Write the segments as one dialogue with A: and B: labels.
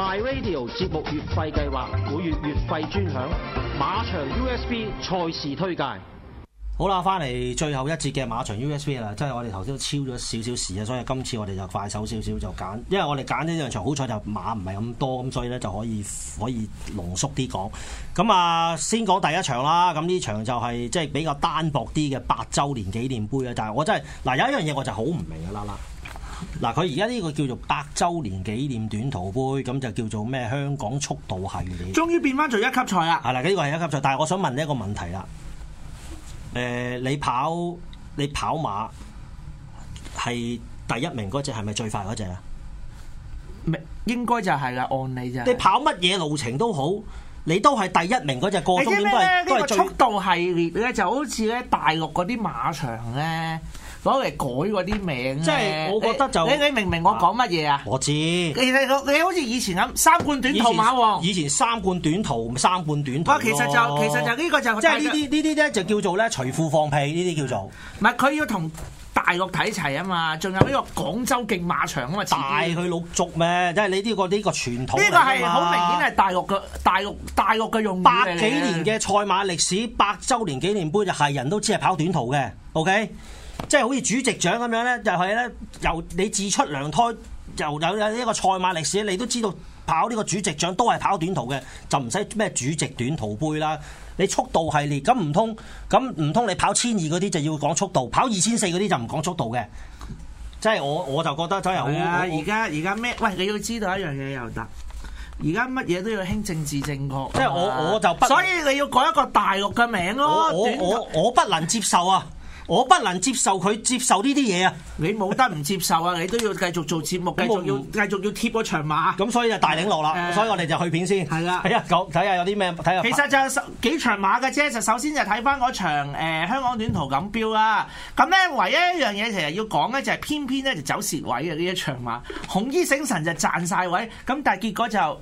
A: My Radio 節目月費計劃，每月月費專享。馬場 USB 賽事推介。好啦，翻嚟最後一節嘅馬場 USB 啦，即係我哋頭先都超咗少少時啊，所以今次我哋就快手少少就揀，因為我哋揀呢兩場好彩就馬唔係咁多，咁所以咧，就可以可以濃縮啲講。咁啊，先講第一場啦。咁呢場就係、是、即係比較單薄啲嘅百周年紀念盃啊。但係我真係嗱，有一樣嘢我就好唔明啦啦。嗱，佢而家呢個叫做百周年紀念短途盃，咁就叫做咩香港速度系列，終於變翻做一級賽啦。係啦，呢個係一級賽，但係我想問你一個問題啦。誒、呃，你跑你跑馬係第一名嗰隻係咪最快嗰隻啊？
B: 咪
A: 應該就係啦，按理
B: 咋、就係？你跑乜嘢路程都好，你都係第一名嗰隻，個終點都係最。速度系列咧就好似咧大陸嗰啲馬場咧。攞嚟改嗰啲名，即係我覺得就你你明唔明我講乜嘢啊？我知你你好似以前咁三冠短途前馬喎
A: 王，以前三冠短途唔三冠短途。哇、啊！其實就其實就呢個就即係呢啲呢啲咧就
B: 叫做咧除褲放屁呢啲叫做。唔係佢要同大陸睇齊啊嘛，仲有呢個廣州競馬場啊嘛，大去老足咩？即係你呢個呢個傳統，呢個係好明顯係大陸嘅大陸大陸嘅用語。百幾年
A: 嘅賽馬歷史，百周年紀念杯就係人都知係跑短途嘅。OK。即係好似主席獎咁樣呢，就係、是、呢。由你自出娘胎，由有有呢個賽馬歷史，你都知道跑呢個主席獎都係跑短途嘅，就唔使咩主席短途杯啦。你速度系列咁唔通咁唔通你跑千二嗰啲就要講速度，跑二千四嗰啲就唔講速度嘅。即係
B: 我我就覺得真係好。而家而家咩？喂，你要知道一樣嘢又得，而家乜嘢都要興政治正確、啊。即係我我就不。所以你要改一個大陸嘅名咯。我我，短途我，我不能接受啊！我不能接受佢接受呢啲嘢啊！你冇得唔接
A: 受啊！你都要繼續做節目，繼續要繼續要貼嗰場馬啊。咁所以就大領路啦。的所以我哋就去片先。係啦的。係啊，講，睇下有啲咩，睇下。其實
B: 就幾場馬嘅啫，就首先就睇翻嗰場、呃、香港短途錦標啊。咁咧唯一一樣嘢其實要講咧，就係偏偏咧就走蝕位嘅呢一場馬，紅衣醒神就賺晒位，咁但係結果就。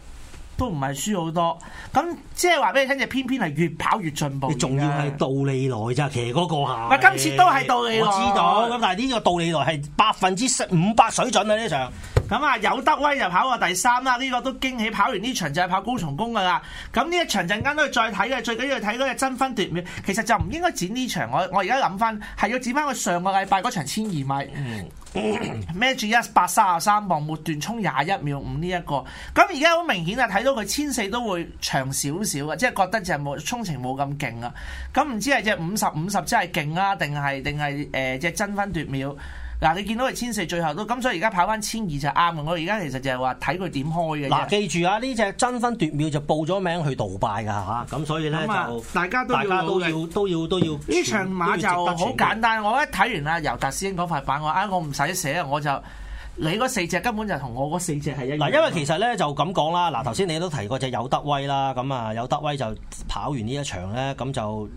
B: 都唔係輸好多，咁即係話俾你聽，就偏偏係越跑越進步。你仲要係杜利
A: 來咋，其實嗰個下。咪今次都係杜利來，我知道。咁但係呢個杜利來係百分之
B: 五百水準啊！呢場。咁啊，有德威又跑過第三啦，呢、呢個都驚喜。跑完呢場就係跑高松宮噶啦。咁呢一場陣間都要再睇嘅，最緊要睇嗰個爭分奪秒。其實就唔應該剪呢場，我我而家諗翻係要剪翻個上個禮拜嗰場千二米。嗯孭住一百三十三磅，末段衝廿一秒五呢一個，咁而家好明顯啊，睇到佢千四都會長少少啊，即係覺得就冇衝程冇咁勁啊，咁唔知係隻五十五十真係勁啊，定係定係誒即係爭分奪秒。嗱、啊，你見到佢千四最後都咁，所以而家跑翻千二就啱。我而家其實就係話睇佢點開嘅。嗱、啊，記住啊，呢隻爭
A: 分奪秒就報咗名去杜拜㗎嚇，咁所以咧就大家都要都要都要都要呢場馬就好簡
B: 單。我一睇完啊，尤達師兄嗰塊板我，啊，我唔使寫啊，我就你嗰四隻根本就同我嗰四隻係一樣。嗱，因為其實咧就咁講啦，嗱、啊，頭先你都
A: 提過隻有德威啦，咁啊有德威就跑完呢一場咧，咁就。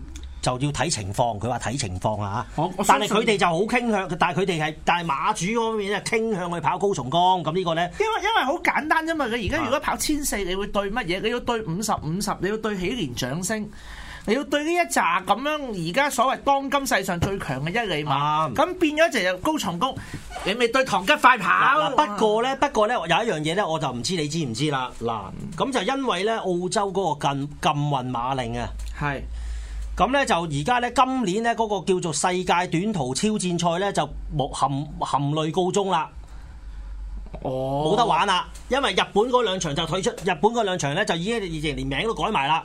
A: 就要睇情況，佢話睇情況啊嚇，但係佢哋就好傾向，但係佢哋係但係馬主嗰方面
B: 咧傾向去跑高松江，咁呢個咧，因為因為好簡單啫嘛，佢而家如果跑千四，你會對乜嘢？你要對五十五十，你要對起連掌聲，你要對呢一扎咁樣，而家所謂當今世上最強嘅一哩馬，咁是的 變咗就又高松江，你咪對唐吉快跑。不過咧，不過咧有一樣嘢咧，我就唔知你知唔知啦。嗱，咁
A: 就因為咧澳洲嗰個禁禁運馬令啊，係。咁呢就而家呢今年呢，嗰個叫做世界短途超戰賽呢，就冇含含淚告終啦。哦，冇得玩啦，因為日本嗰兩場就退出，日本嗰兩場呢就已經連名都改埋啦。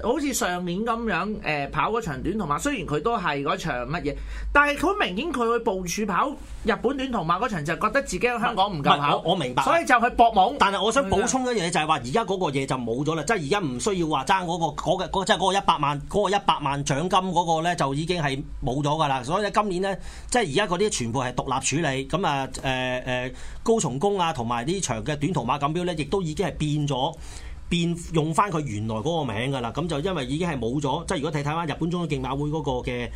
B: 好似上年咁樣誒、呃、跑嗰場短途馬，雖然佢都係嗰場乜嘢，但係佢明顯佢去部署跑日本短途馬嗰場，就覺得自己喺香港唔夠跑。我，我明白。所以就去搏懵。但係我想補充一樣嘢，就係話而家嗰個
A: 嘢就冇咗啦，即係而家唔需要話爭嗰、嗰個即係嗰一百萬嗰、嗰個一百萬獎金嗰個咧，就已經係冇咗㗎啦。所以今年呢，即係而家嗰啲全部係獨立處理。咁啊誒誒高松宮啊，同埋呢場嘅短途馬錦標咧，亦都已經係變咗。變用翻佢原來嗰個名㗎啦，咁就因為已經係冇咗，即係如果睇睇翻日本中央競馬會嗰個嘅誒、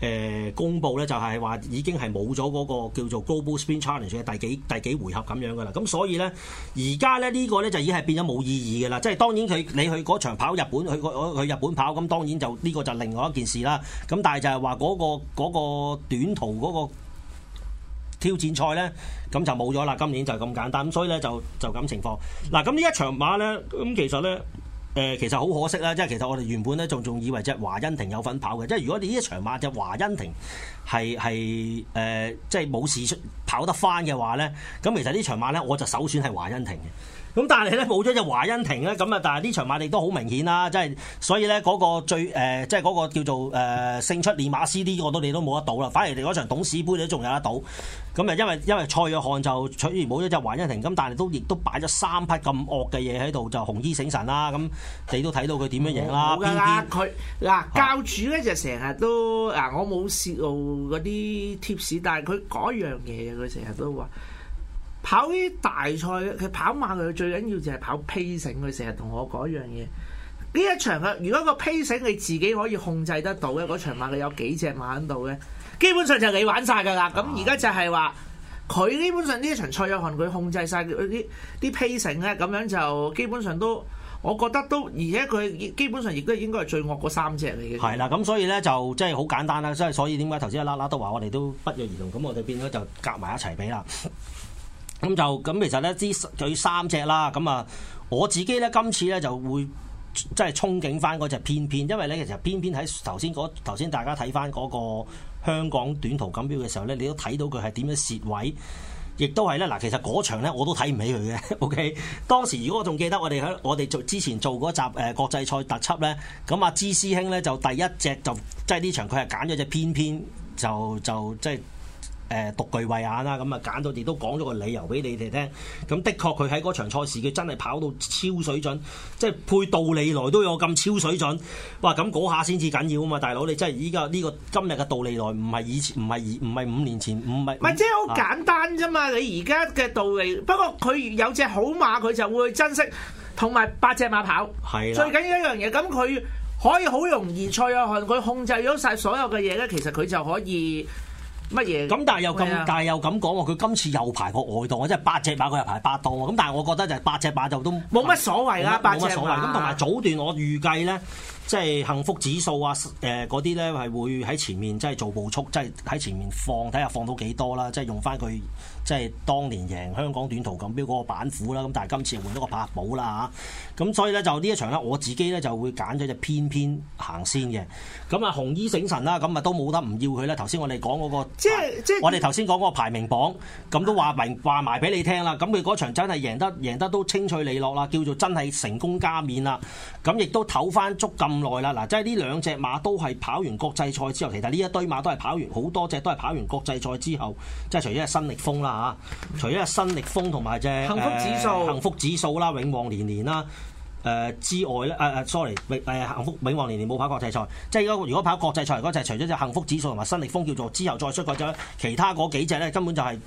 A: 呃、公佈咧，就係話已經係冇咗嗰個叫做 Global Sprint Challenge 嘅第幾第幾回合咁樣㗎啦，咁所以咧而家咧呢，呢、呢個咧就已經係變咗冇意義㗎啦，即係當然佢你去嗰場跑日本，去去日本跑，咁當然就呢、呢個就另外一件事啦，咁但係就係話嗰個嗰、嗰個短途嗰、嗰個。挑戰賽咧，咁就冇咗啦。今年就係咁簡單，咁所以咧就就咁情況。嗱，咁呢一場馬咧，咁其實咧，誒、呃、其實好可惜啦，即係其實我哋原本咧仲仲以為隻華欣庭有份跑嘅，即係如果你呢一場馬隻華欣庭係係誒即係冇事出跑得返嘅話咧，咁其實呢場馬咧我就首選係華欣庭嘅。咁但係咧冇咗隻華欣亭咧，咁啊！但係呢場馬力都好明顯啦，即係所以咧嗰個最誒，即係嗰個叫做誒、呃、勝出練馬師啲，我都你都冇得到啦。反而你嗰場董事杯你都仲有得到。咁啊，因為因為蔡約翰就取而冇咗隻華欣亭，咁但係都亦都擺咗三匹咁惡嘅嘢喺度，就紅衣
B: 醒神啦。咁你都睇到佢點樣贏啦？佢嗱邊教主咧就成日都嗱，喊喊我冇泄露嗰啲貼士，但係佢嗰樣嘢佢成日都話。跑啲大賽佢跑馬佢最緊要就係跑 pacing 佢成日同我講一樣嘢呢一場嘅如果個 pacing 你自己可以控制得到嘅嗰場馬佢有幾隻馬喺度嘅基本上就你玩晒㗎啦咁而家就係話佢基本上呢場賽蔡約翰佢控制晒啲啲 pacing 咧咁樣就基本上都我覺得都而且佢基本上亦都應該係最惡嗰三隻嚟嘅係
A: 啦咁所以咧就即係好簡單啦即係所以點解頭先阿拉拉都話我哋都不約而同咁我哋變咗就夾埋一齊畀啦。 咁就咁，其實呢，支佢三隻啦。咁啊，我自己呢，今次呢就會即係憧憬翻嗰隻偏偏，因為呢，其實偏偏喺頭先嗰頭先大家睇翻嗰個香港短途錦標嘅時候呢，你都睇到佢係點樣蝕位，亦都係呢。嗱，其實嗰場呢我都睇唔起佢嘅。OK，當時如果我仲記得我哋喺我哋做之前做嗰集誒國際賽特輯呢，咁阿支師兄呢，就第一隻就即係呢場佢係揀咗隻偏偏，就就即係。就是誒獨據慧眼啦，咁啊揀到亦都講咗個理由俾你哋聽。咁的確佢喺嗰場賽事，佢真係跑到超水準，即係配道利來都有咁超水準。哇！咁嗰下先至緊要啊嘛，大佬你真係依家呢個、這個、今日嘅道利來唔係以前，唔係唔係五年前，唔係唔即係好簡
B: 單啫嘛！啊、你而家嘅道利，不過佢有隻好馬，佢就會珍惜，同埋八隻馬跑。係啦的，最緊要一樣嘢，咁佢可以好容易賽駒，佢控制咗晒所有嘅嘢咧，其實佢就可以。乜嘢？咁但係又咁，啊、但係又咁講喎。佢今次
A: 又排個外檔，即係八隻馬，佢又排八檔，咁但係我覺得就係八隻馬就都冇乜所謂啦。冇乜所謂咁，同埋早段我預計咧。即係幸福指數啊！誒、嗰啲咧係會喺前面即係做步速，即係喺前面放睇下放到幾多啦！即係用翻佢即係當年贏香港短途錦標嗰個板斧啦，咁但係今次換咗個拍寶啦嚇。咁、啊、所以咧就呢一場咧，我自己咧就會揀咗隻偏偏行先嘅。咁、嗯、啊紅衣醒神啦，咁、嗯、啊都冇得唔要佢啦。頭先我哋講嗰個即係即係我哋頭先講嗰個排名榜，咁都話明話埋俾你聽啦。咁佢嗰場真係贏得贏得都清脆利落啦，叫做真係成功加冕啦。咁亦都唞翻足咁。耐啦，嗱，即係呢兩隻馬都係跑完國際賽之後，其實呢一堆馬都係跑完好多隻都係跑完國際賽之後，即係除咗係新力風啦嚇，除咗係新力風同埋隻幸福指數幸福指數啦，永旺年年啦誒、呃、之外咧，誒、啊、誒，sorry，誒、啊、幸福永旺年年冇跑國際賽，即係如果跑國際賽嗰陣，除咗隻幸福指數同埋新力風叫做之後再出國咗，其他嗰幾隻咧根本就係、是。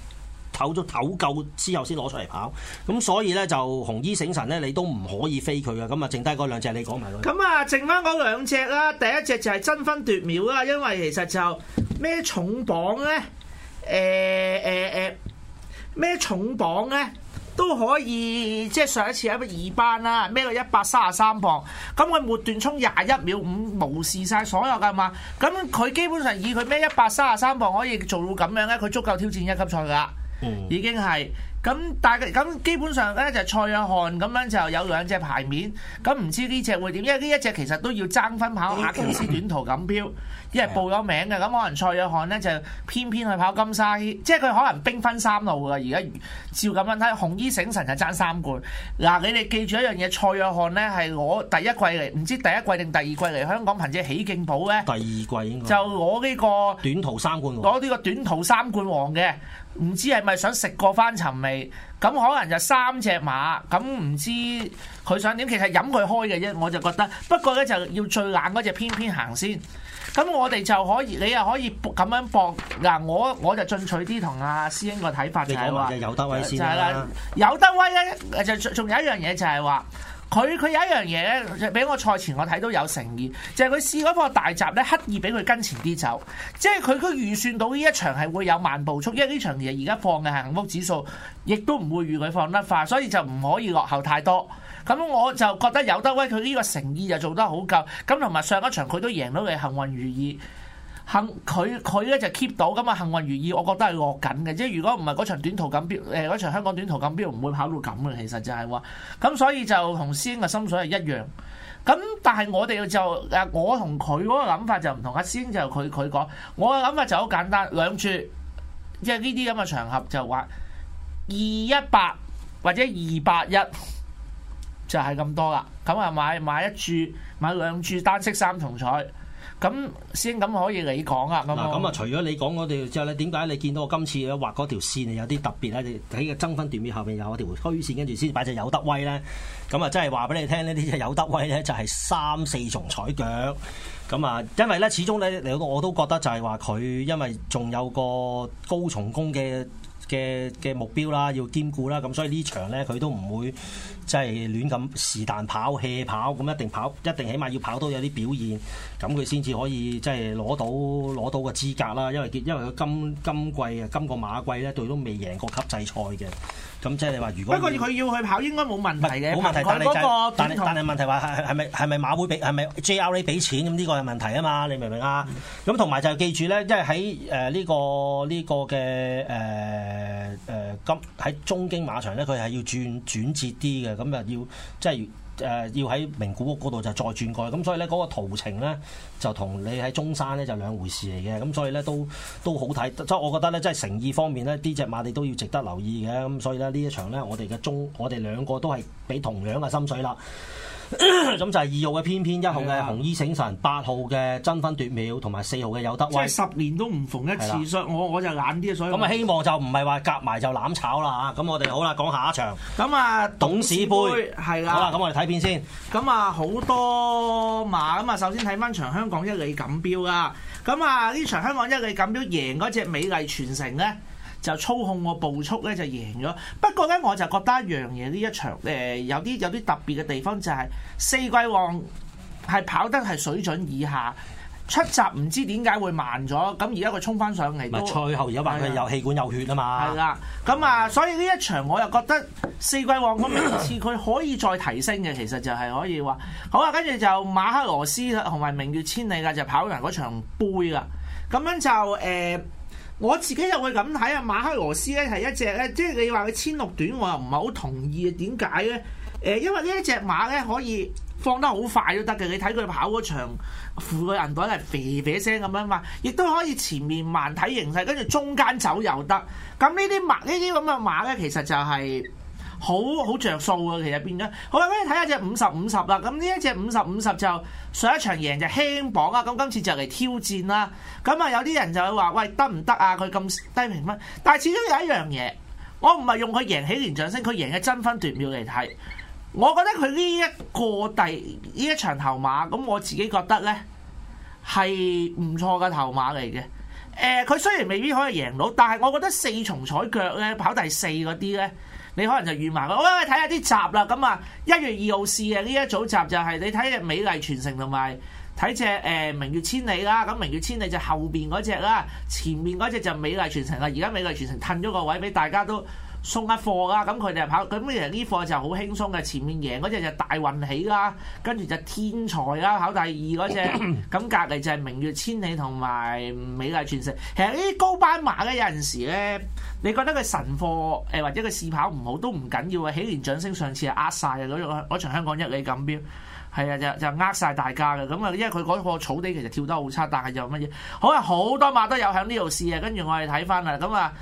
A: 唞咗唞夠，之後先攞出嚟跑咁，所以咧就紅衣醒神咧，你都唔可以飛佢嘅咁啊，剩低嗰兩隻你講埋佢。
B: 咁啊，剩翻嗰兩隻啦，第一隻就係爭分奪秒啦，因為其實就咩重磅咧，誒誒誒咩重磅咧都可以，即係上一次喺個二班啦，孭到一百三十三磅，咁佢末段衝廿一秒五，無視晒所有噶嘛。咁佢基本上以佢孭一百三十三磅可以做到咁樣咧，佢足夠挑戰一級賽噶。嗯、已經係咁，但係咁基本上咧就蔡約翰咁樣就有兩隻牌面，咁唔知呢隻會點？因為呢一隻其實都要爭分跑下公司短途錦標。因為報咗名嘅，咁可能蔡約翰呢就偏偏去跑金沙，即係佢可能兵分三路啊。而家照咁樣睇，紅衣醒神就爭三冠。嗱、啊，你哋記住一樣嘢，蔡約翰呢係攞第一季嚟，唔知第一季定第二季嚟香港憑藉喜敬寶呢？第二季應該就攞呢、呢個短途三冠王，攞呢個短途三冠王嘅，唔知係咪想食過翻尋味咁？可能就三隻馬咁，唔知佢想點？其實飲佢開嘅啫，我就覺得不過呢，就要最硬嗰隻偏偏行先。咁我哋就可以，你又可以咁樣搏嗱、啊，我我就進取啲，同阿師兄個睇法就係話，就係啦，有得威嘅，就仲有一樣嘢就係話，佢佢有一樣嘢咧，就俾我賽前我睇都有誠意，就係、是、佢試嗰個大閘咧刻意俾佢跟前啲走，即係佢佢預算到呢一場係會有慢步速，因為呢場嘢而家放嘅係幸福指數，亦都唔會預佢放得快，所以就唔可以落後太多。咁我就覺得有得威，佢呢個誠意就做得好夠。咁同埋上一場佢都贏到嘅幸運如意，幸佢佢咧就 keep 到咁啊！幸運如意，我覺得係落緊嘅。即係如果唔係嗰場短途錦標，誒、呃、嗰場香港短途錦標唔會跑到咁嘅。其實就係話，咁所以就同師兄嘅心水係一樣。咁但係我哋就誒，我同佢嗰個諗法就唔同。阿師兄就佢佢講，我嘅諗法就好簡單，兩處即係呢啲咁嘅場合就話二一八或者二八一。就係咁多啦，咁啊買買一注買兩注單色三重彩，咁先咁可以、啊、你講啊咁。嗱咁啊，除
A: 咗你講嗰條之後咧，點解你見到我今次咧畫嗰條線有啲特別咧？你喺個爭分段後面後邊有條虛線，跟住先擺隻有德威咧。咁啊，真係話俾你聽呢，啲有德威咧就係、是、三四重彩腳。咁啊，因為咧始終咧，你我都覺得就係話佢因為仲有個高重工嘅。嘅嘅目標啦，要兼顧啦，咁所以呢場呢，佢都唔會即係、就是、亂咁是但跑 hea 跑，咁一定跑一定起碼要跑到有啲表現，咁佢先至可以即係攞到攞到個資格啦，因為因為佢今今季啊今個馬季呢，佢都未贏過級制賽嘅。咁即係你話，如果不過佢
B: 要去跑應該冇問題嘅，唔係冇問題。但係你但
A: 係問題話係咪係咪馬會俾係咪 JRA 俾錢咁呢個係問題啊嘛？你明唔明啊？咁同埋就記住咧，即係喺誒呢個呢個嘅誒誒今喺中京馬場咧，佢係要轉轉折啲嘅，咁啊要即係。誒要喺名古屋嗰度就再轉過去，咁所以呢嗰個途程呢就同你喺中山呢就兩回事嚟嘅，咁所以呢都都好睇，即係我覺得呢，即係誠意方面呢呢隻馬你都要值得留意嘅，咁所以呢，呢一場呢我哋嘅中我哋兩個都係俾同樣嘅心水啦。咁 就係二號嘅翩翩，一號嘅紅衣醒神，八號嘅爭分奪秒，同埋四號嘅有得。即係十
B: 年都唔逢一次，的所
A: 以我我就懶啲。所以咁啊，希望就唔係話夾埋就攬
B: 炒啦吓。咁我哋好啦，講下一場。咁啊，董事盃係啦。的好啦，咁我哋睇片先。咁啊，好多馬咁啊，首先睇翻場香港一哩錦標啊。咁啊，呢場香港一哩錦標贏嗰隻美麗傳承咧。就操控我步速咧，就贏咗。不過咧，我就覺得一樣嘢，呢一場誒、呃、有啲有啲特別嘅地方就係四季王係跑得係水準以下，出閘唔知點解會慢咗。咁而家佢衝翻上嚟，賽後而家話佢有氣管有血啊嘛。係啦，咁啊，所以呢一場我又覺得四季王個名次佢可以再提升嘅，其實就係可以話好啊，跟住就馬克羅斯同埋明月千里噶就跑完嗰場杯啦。咁樣就誒。呃我自己又會咁睇啊，馬克羅斯咧係一隻咧，即係你話佢千六短，我又唔係好同意啊。點解咧？誒，因為呢一隻馬咧可以放得好快都得嘅，你睇佢跑嗰場富貴銀袋係肥肥聲咁樣嘛，亦都可以前面慢睇形勢，跟住中間走又得。咁呢啲馬呢啲咁嘅馬咧，其實就係、是。好好着數啊！其實變咗，好啦，咁你睇下隻五十五十啦。咁呢一隻五十五十就上一場贏就輕磅啊。咁今次就嚟挑戰啦。咁啊，有啲人就會話：喂，得唔得啊？佢咁低評分。但係始終有一樣嘢，我唔係用佢贏起連掌聲，佢贏嘅爭分奪秒嚟睇。我覺得佢呢一個第呢一場頭馬，咁我自己覺得呢係唔錯嘅頭馬嚟嘅。佢、呃、雖然未必可以贏到，但係我覺得四重彩腳呢，跑第四嗰啲呢。你可能就預埋佢，喂，睇下啲集啦，咁啊，一月二號試嘅呢一組集就係、是、你睇美麗傳承同埋睇隻誒明月千里啦，咁明月千里就後邊嗰隻啦，前面嗰隻就美麗傳承啦，而家美麗傳承褪咗個位俾大家都。送一貨啦，咁佢哋跑咁其實呢貨就好輕鬆嘅，前面贏嗰隻就大運起啦，跟住就天才啦，考第二嗰隻，咁隔離就係明月千里同埋美麗傳承。其實呢啲高班馬咧，有陣時咧，你覺得佢神貨誒或者佢試跑唔好都唔緊要啊！喜蓮獎星上次係呃晒啊，嗰場香港一哩錦標，係啊就就呃晒大家嘅。咁啊，因為佢嗰個草地其實跳得好差，但係就乜嘢？好啊，好多馬都有喺呢度試啊，跟住我哋睇翻啦，咁啊。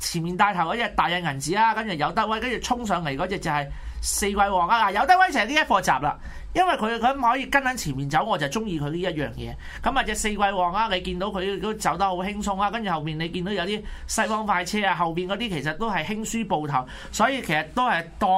B: 前面帶頭嗰隻大嘅銀紙啦、啊，跟住有得威，跟住衝上嚟嗰隻就係四季王啊。有、啊、得威就係呢一課集啦，因為佢佢可以跟緊前面走，我就中意佢呢一樣嘢。咁、嗯、啊，隻四季王啊，你見到佢都走得好輕鬆啊，跟住後面你見到有啲西方快車啊，後邊嗰啲其實都係輕輸步頭，所以其實都係當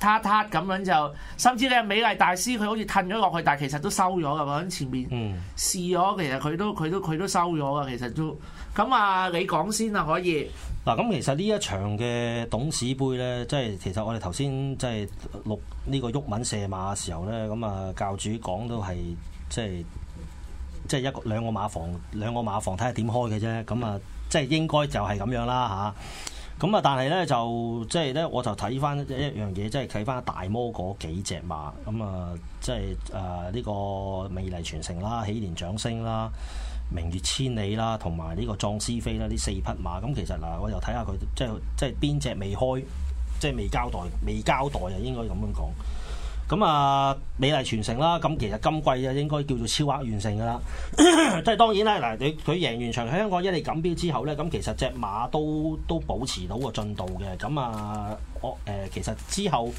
B: 撻撻咁樣就，甚至你係美麗大師佢好似褪咗落去，但係其實都收咗噶，響、嗯、前面試咗，其實佢都佢都佢都，都收咗噶，其實都咁啊，你講先啊，可以。嗱，咁其實呢一場嘅
A: 董事盃呢，即係其實我哋頭先即係錄呢個鬱文射馬嘅時候呢。咁啊教主講都係即係即係一個兩個馬房兩個馬房睇下點開嘅啫，咁啊即係應該就係咁樣啦吓，咁啊，但係呢，就即係呢，我就睇翻一樣嘢，即係睇翻大摩嗰幾隻馬，咁啊即係誒呢個美麗傳承啦，喜蓮掌聲啦。明月千里啦，同埋呢個壯思飛啦，呢四匹馬咁其實嗱，我又睇下佢即係即係邊隻未開，即係未交代，未交代啊，應該咁樣講。咁啊，美麗傳承啦，咁其實今季啊應該叫做超額完成噶啦。即係當然啦，嗱，你佢贏完場香港一哩錦標之後咧，咁其實隻馬都都保持到個進度嘅。咁啊，我、呃、誒其實之後。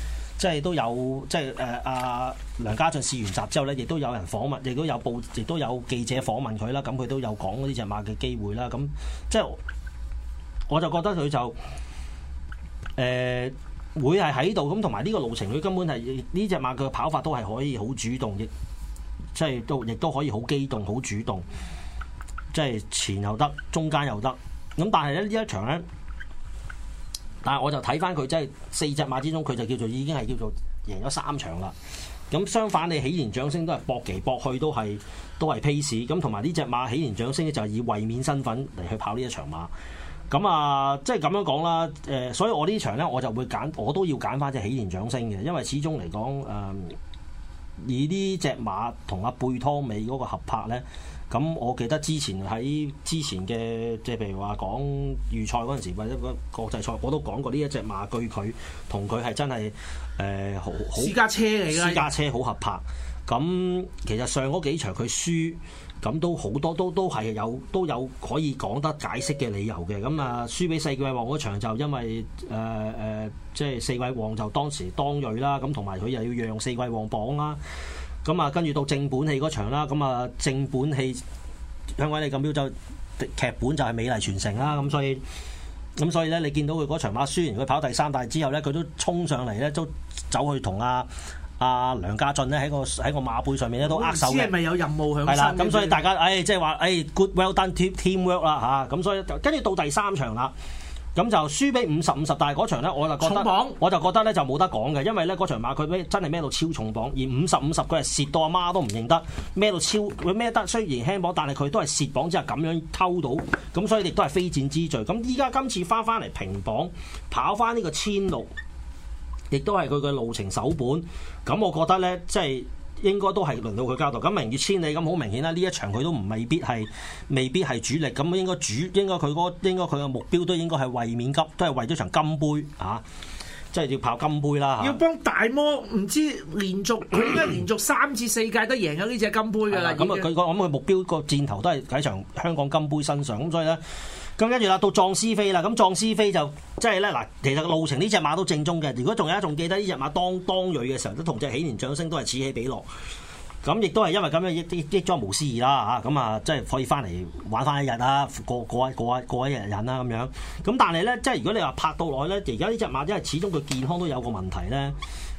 A: 即係都有，即係誒阿梁家俊試完閘之後咧，亦都有人訪問，亦都有報，亦都有記者訪問佢啦。咁佢都有講呢隻馬嘅機會啦。咁即係我就覺得佢就誒、呃、會係喺度。咁同埋呢個路程，佢根本係呢隻馬佢跑法都係可以好主動嘅，即係都亦都可以好機動、好主動，即係前又得，中間又得。咁但係咧呢一場咧。但係我就睇翻佢真係四隻馬之中，佢就叫做已經係叫做贏咗三場啦。咁相反，你起綫掌聲都係搏嚟搏去都係都係 p a 咁同埋呢隻馬起綫掌聲就係以位冕身份嚟去跑呢一場馬。咁啊，即係咁樣講啦。誒，所以我呢場呢，我就會揀，我都要揀翻隻起綫掌聲嘅，因為始終嚟講誒，以呢隻馬同阿貝湯尾嗰個合拍呢。咁我記得之前喺之前嘅即係，譬如話講預賽嗰陣時，或者個國際賽，我都講過呢一隻馬巨，佢同佢係真係誒、呃、好好私家車嚟啦，私家車好合拍。咁其實上嗰幾場佢輸，咁都好多都都係有都有可以講得解釋嘅理由嘅。咁啊，輸俾四季王嗰場就因為誒誒，即、呃、係、呃就是、四季王就當時當鋭啦，咁同埋佢又要讓四季王磅啦。咁啊，跟住到正本戲嗰場啦，咁啊正本戲，向鬼你咁標就劇本就係、是、美麗傳承啦，咁所以，咁所以咧，你見到佢嗰場馬輸完，佢跑第三大之後咧，佢都衝上嚟咧，都走去同阿阿梁家俊咧喺個喺個馬背上面咧都握手。唔知係咪
B: 有任務響係啦，咁所以大
A: 家，唉、 哎，即係話，唉、哎、good w e l l done team teamwork 啦嚇，咁、啊、所以跟住到第三場啦。咁就輸俾五十五十，50，但係嗰場咧，我就覺得，榜我就覺得咧就冇得講嘅，因為咧嗰場馬佢孭真係孭到超重磅，而五十五十佢係蝕到阿媽，媽都唔認得，孭到超佢孭得，雖然輕磅，但係佢都係蝕磅之後咁樣偷到，咁所以亦都係非戰之罪。咁依家今次翻翻嚟平磅跑翻呢個千六，亦都係佢嘅路程首本，咁我覺得咧即係。應該都係輪到佢交代。咁明月千里咁好明顯啦，呢一場佢都唔未必係，未必係主力。咁應該主，應該佢嗰，那個，應該佢嘅目標都應該係衛冕急，都係為咗場金杯嚇、啊，即係要跑金杯啦。要
B: 幫大摩唔知連續，佢都係連續三至四屆都贏咗呢隻金杯㗎。咁啊的，佢
A: 講經，咁佢目標個箭頭都係喺場香港金杯身上。咁所以咧。咁跟住啦，到撞屍飛啦，咁撞屍飛就即係咧嗱，其實路程呢隻馬都正宗嘅。如果仲有仲記得呢隻馬當當鋭嘅時候，都同隻起年掌聲都係此起彼落。咁亦都係因為咁樣益益益咗無私意啦嚇。咁啊，啊，啊，即係可以翻嚟玩翻一日啊，過過一過一過一日癮啦咁樣。咁但係咧，即係如果你話拍到耐咧，而家呢隻馬即係始終佢健康都有個問題咧。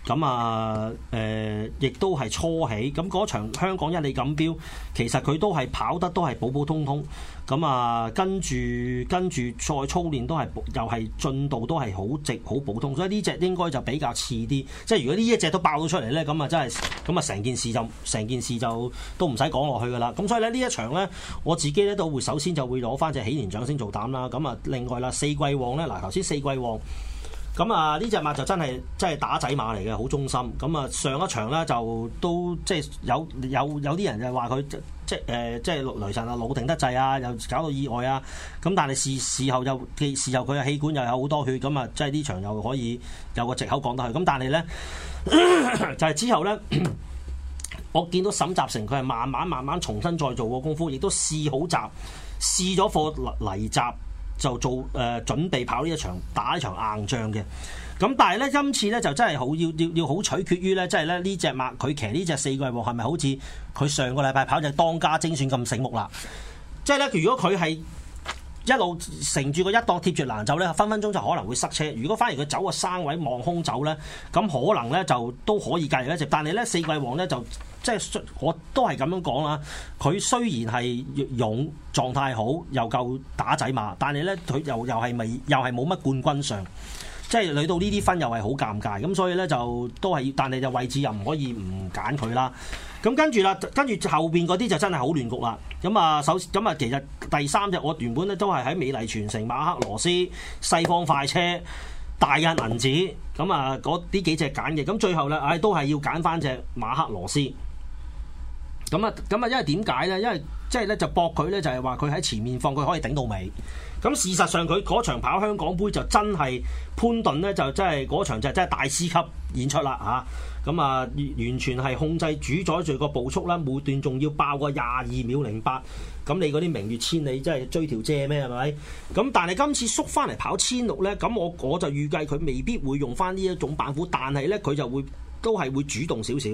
A: 咁啊，誒、呃，亦都係初起，咁嗰場香港一哩錦標，其實佢都係跑得都係普普通通，咁啊，跟住跟住再操練都係，又係進度都係好直好普通，所以呢隻應該就比較次啲。即係如果呢一隻都爆咗出嚟呢，咁啊真係，咁啊成件事就成件事就都唔使講落去噶啦。咁所以呢，呢一場呢，我自己呢，都會首先就會攞翻隻起年掌聲做膽啦。咁啊，另外啦，四季旺呢，嗱頭先四季旺。咁啊，呢隻、嗯、馬就真係真係打仔馬嚟嘅，好忠心。咁、嗯、啊，上一場咧就都即係有有有啲人就話佢即、呃、即誒即係雷神啊，腦停得滯啊，又搞到意外啊。咁、嗯、但係事事後又，事後佢嘅氣管又有好多血，咁、嗯、啊，即係呢場又可以有個藉口講得去。咁、嗯、但係咧，就係、是、之後咧，我見到沈集成佢係慢慢慢慢重新再做過功夫，亦都試好集，試咗課嚟集。就做誒、呃、準備跑呢一場打呢場硬仗嘅咁，但係咧今次咧就真係好要要要好取決於咧，即係咧呢隻馬佢騎呢隻四季王係咪好似佢上個禮拜跑隻當家精選咁醒目啦？即係咧，如果佢係一路乘住個一檔貼住欄走咧，分分鐘就可能會塞車。如果反而佢走個三位望空走咧，咁可能咧就都可以計咧，就但係咧四季王咧就。即係，我都係咁樣講啦。佢雖然係勇狀態好，又夠打仔馬，但係呢，佢又又係咪又係冇乜冠軍上，即係累到呢啲分又係好尷尬。咁所以呢，就都係，但係就位置又唔可以唔揀佢啦。咁跟住啦，跟住後邊嗰啲就真係好亂局啦。咁啊，首咁啊，其實第三隻我原本咧都係喺美麗傳承、馬克羅斯、西方快車、大印銀紙咁啊嗰啲幾隻揀嘅。咁最後呢，唉都係要揀翻隻馬克羅斯。咁啊，咁啊，因為點解咧？因為即係咧，就駁佢咧，就係話佢喺前面放，佢可以頂到尾。咁事實上，佢嗰場跑香港杯就真係潘頓咧，就真係嗰場就真係大師級演出啦，嚇！咁啊，完全係控制主宰住個步速啦，每段仲要爆個廿二秒零八。咁你嗰啲明月千里，真係追條姐咩？係咪？咁但係今次縮翻嚟跑千六咧，咁我我就預計佢未必會用翻呢一種板斧，但係咧佢就會。都係會主動少少，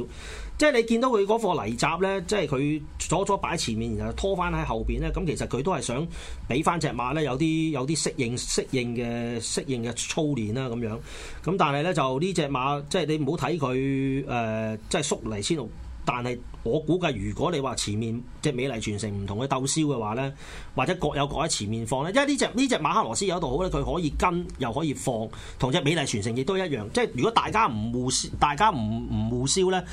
A: 即係你見到佢嗰個泥閘咧，即係佢左左擺喺前面，然後拖翻喺後邊咧，咁其實佢都係想俾翻隻馬咧，有啲有啲適應適應嘅適應嘅操練啦咁樣。咁但係咧就呢隻馬即係你唔好睇佢，誒，即係、呃、縮嚟先。但係，我估計如果你話前面即係美麗傳承唔同佢鬥燒嘅話呢，或者各有各喺前面放呢，因為呢隻呢隻馬克羅斯有度好呢，佢可以跟又可以放，同隻美麗傳承亦都一樣。即係如果大家唔互燒，大家唔唔互燒呢，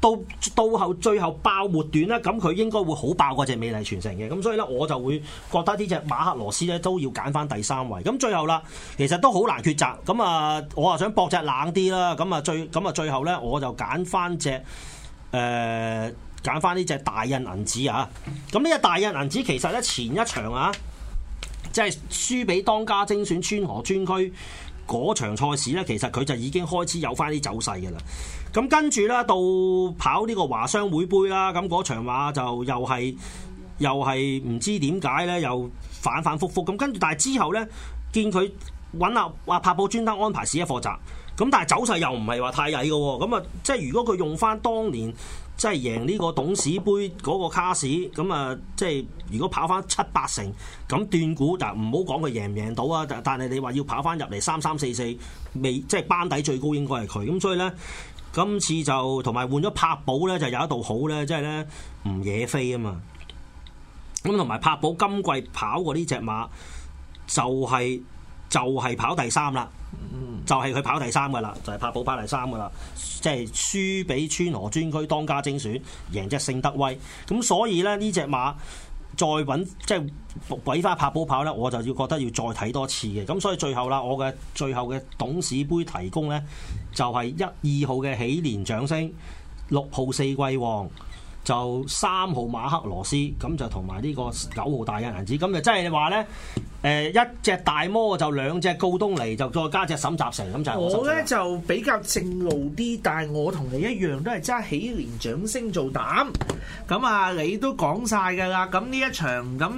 A: 到到後最後爆末段呢，咁佢應該會好爆嗰隻美麗傳承嘅。咁所以呢，我就會覺得呢隻馬克羅斯呢都要揀翻第三位。咁最後啦，其實都好難抉擇。咁啊，我啊想搏隻冷啲啦。咁啊最咁啊最後呢，我就揀翻隻。誒，揀翻呢隻大印銀紙啊！咁呢隻大印銀紙其實呢，前一場啊，即係輸俾當家精選川河尊駒嗰場賽事呢，其實佢就已經開始有翻啲走勢噶啦。咁、啊、跟住呢，到跑呢個華商會杯啦，咁嗰場話、啊、就又係又係唔知點解呢，又反反复复咁。跟住但係之後呢，見佢揾下話拍報專登安排試一課習。咁但係走勢又唔係話太曳嘅喎，咁啊，即係如果佢用翻當年即係贏呢個董事杯嗰個卡士，咁啊，即係如果跑翻七八成，咁斷估，但唔好講佢贏唔贏到啊，但但係你話要跑翻入嚟三三四四，未即係班底最高應該係佢，咁所以呢，今次就同埋換咗柏寶呢，就有一度好呢，即係呢，唔惹飛啊嘛，咁同埋柏寶今季跑過呢隻馬就係，是。就係跑第三啦，就係佢跑第三噶啦，就係拍寶跑第三噶啦，即係輸俾川河專區當家精選，贏隻勝德威咁，所以咧呢隻馬再揾即係鬼花拍寶跑咧，我就要覺得要再睇多次嘅咁，所以最後啦，我嘅最後嘅董事盃提供咧就係一二號嘅喜蓮掌聲，六號四季王。就三號馬克羅斯，咁就同埋呢個九號大印銀子。咁就即係話呢，誒一隻大摩就兩隻告東尼，就再加隻沈集成，咁就我咧
B: 就比較正路啲，但係我同你一樣都係揸起連掌聲做膽，咁啊你都講晒㗎啦，咁呢一場咁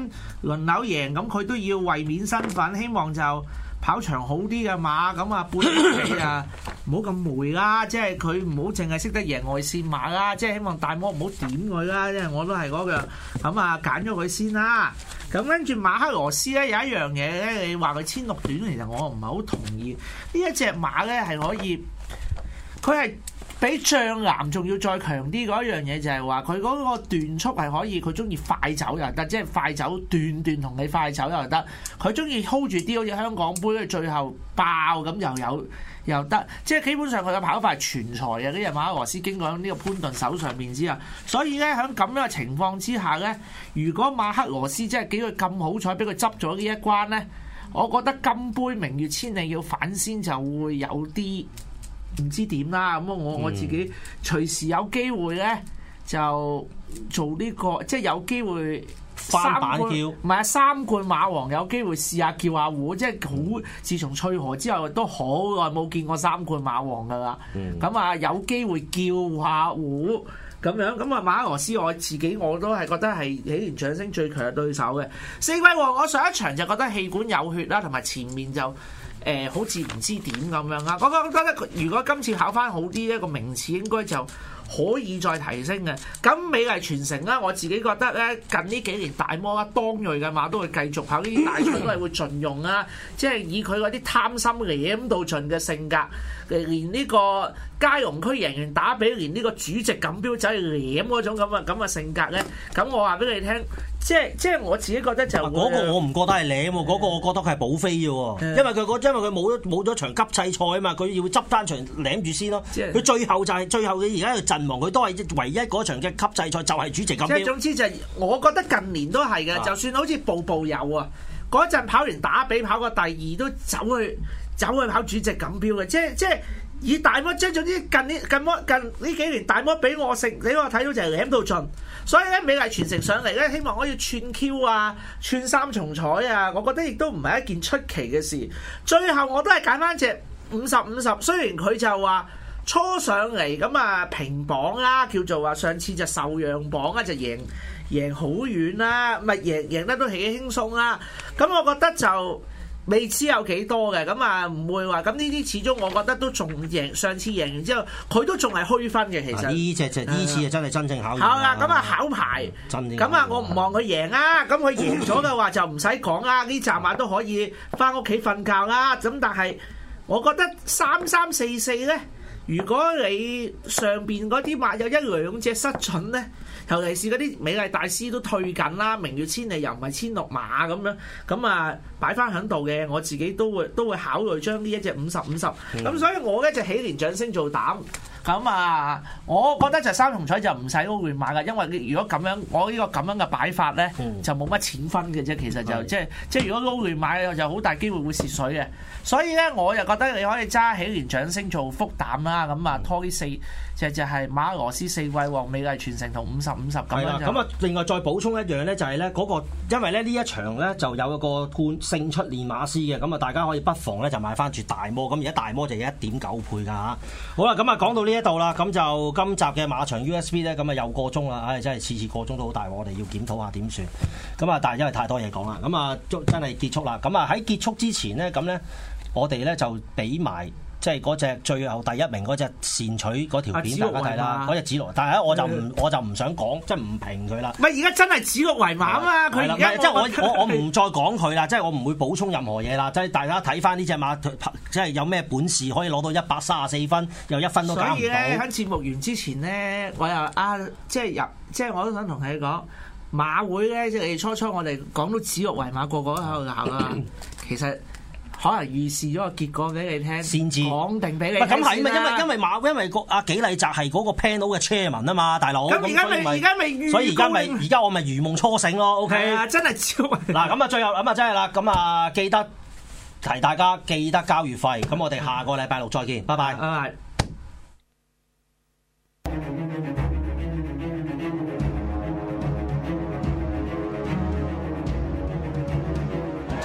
B: 輪流贏，咁佢都要衛冕身份，希望就，跑場好啲嘅馬咁啊，半起啊，唔好咁霉啦，即係佢唔好淨係識得贏外線馬啦，即係希望大摩唔好點佢啦，即係我都係嗰樣咁啊，揀咗佢先啦。咁跟住馬克羅斯咧有一樣嘢咧，你話佢千六短，其實我唔係好同意呢一隻馬咧係可以，佢係，比障籃仲要再強啲，嗰一樣嘢就係話佢嗰個段速係可以，佢中意快走又得，即係快走斷斷同你快走又得。佢中意 hold 住啲好似香港杯最後爆咁又有又得，即係基本上佢嘅跑法係全才嘅。嗰隻馬克羅斯經過喺呢個潘頓手上面之後，所以呢，喺咁樣嘅情況之下呢，如果馬克羅斯真係幾個咁好彩俾佢執咗呢一關呢，我覺得金杯明月千里要反先就會有啲。唔知點啦，咁啊我嗯嗯我自己隨時有機會呢，就做呢，這個即係有機會三冠，唔係啊，三冠馬王有機會試下叫下胡，即係好自從翠河之後都好耐冇見過三冠馬王噶啦。咁啊有機會叫下胡咁樣，咁啊馬羅斯我自己我都係覺得係起年掌聲最強嘅對手嘅四冠王。我上一場就覺得氣管有血啦，同埋前面就。誒、呃、好似唔知點咁樣啊。我覺得如果今次考翻好啲一、個名次應該就可以再提升嘅。咁美麗傳承啦，我自己覺得咧，近呢幾年大摩啊、當鋭嘅馬都會繼續考呢啲大賽都係會盡用啊。即係以佢嗰啲貪心嚟嘢到盡嘅性格，連呢個嘉容區贏完打比，連呢個主席錦標仔攬嗰種咁嘅咁嘅性格咧，咁我話畀你聽。即係即係我自己覺得就，
A: 嗰個我唔覺得係攬喎，嗰是的 個我覺得佢係保飛嘅喎，因為佢因為佢冇咗冇咗場級制賽啊嘛，佢要執翻場攬住先咯。佢是的 最後就係、是、最後佢而家要陣亡，佢都係唯一嗰場嘅級制賽就係主席錦標，即係總
B: 之就係我覺得近年都係嘅，是的 就算好似步步友啊，嗰陣跑完打比跑過第二都走去走去跑主席錦標嘅，即係即係。以大摩即係總之近年近摩近呢幾年大摩俾我食，你我睇到就係攬到盡。所以咧，美麗傳承上嚟咧，希望可以串 Q 啊，串三重彩啊，我覺得亦都唔係一件出奇嘅事。最後我都係揀翻隻五十五十，雖然佢就話初上嚟咁啊平榜啦、啊，叫做話、啊、上次就受讓榜啊，就贏贏好遠啦、啊，唔係贏贏得都幾輕鬆啦、啊。咁我覺得就。未知有幾多嘅咁啊，唔會話咁呢啲始終我覺得都仲贏上次贏完之後，佢都仲係虛分嘅。其實呢
A: 隻隻呢次啊，真係真正考驗。好啦，咁啊考
B: 牌，咁啊我唔望佢贏啊。咁佢贏咗嘅話就唔使講啦，呢集馬都可以翻屋企瞓覺啦。咁但係我覺得三三四四咧，如果你上邊嗰啲馬有一兩隻失準咧。尤其是嗰啲美麗大師都退緊啦，明月千里又唔係千六馬咁樣，咁啊擺返響度嘅，我自己都會都會考慮將呢一隻五十五十，咁所以我呢就起連掌聲做膽。咁啊，我覺得就三重彩就唔使撈亂買啦，因為如果咁樣，我呢個咁樣嘅擺法咧，就冇乜錢分嘅啫。嗯、其實就是即係即係如果撈亂買，又又好大機會會蝕水嘅。所以咧，我又覺得你可以揸起連掌聲做複膽啦。咁、嗯、啊、嗯，拖啲四隻就係馬來斯四季王，美麗傳承同五十五十咁樣。係咁啊，
A: 另外再補充一樣咧，就係咧嗰個，
B: 因為咧呢一場
A: 咧就有一個冠勝出練馬師嘅，咁啊大家可以不妨咧就買翻住大摩。咁而家大摩就有一點九倍㗎嚇。好啦，咁啊講到呢。呢一度啦，咁就今集嘅馬場 USB 咧，咁啊又過鐘啦，唉、哎，真係次次過鐘都好大鑊，我哋要檢討下點算。咁啊，但係因為太多嘢講啦，咁啊，真係結束啦。咁啊喺結束之前咧，咁咧，我哋咧就俾埋。即係嗰隻最後第一名嗰隻善取嗰條片，大家睇啦。嗰隻紫羅，但係我就唔我就唔想講，即係唔評佢啦。
B: 唔係而家真係指鹿為馬嘛！佢即係我 我
A: 唔再講佢啦，即係我唔會補充任何嘢啦。即係大家睇翻呢隻馬，即係有咩本事可以攞到一百三十四分，又一分都。所以咧，喺
B: 節目完之前呢，我又啊，即係入即係我都想同你講，馬會咧即係初初我哋講到指鹿為馬，個個喺度鬧啊，其實。可能預示咗個結果俾你聽，講知定俾你聽。咁係、啊，咪？因為因
A: 為馬，因為個阿紀麗澤係嗰個 panel 嘅 chairman 啊嘛，大佬。咁而家咪而家咪，所以而家咪而家我咪如夢初醒咯。O K 真係超！嗱，咁啊，最後咁啊，真係啦，咁啊，記得提大家記得交月費。咁我哋下個禮拜六再見，拜拜。拜拜。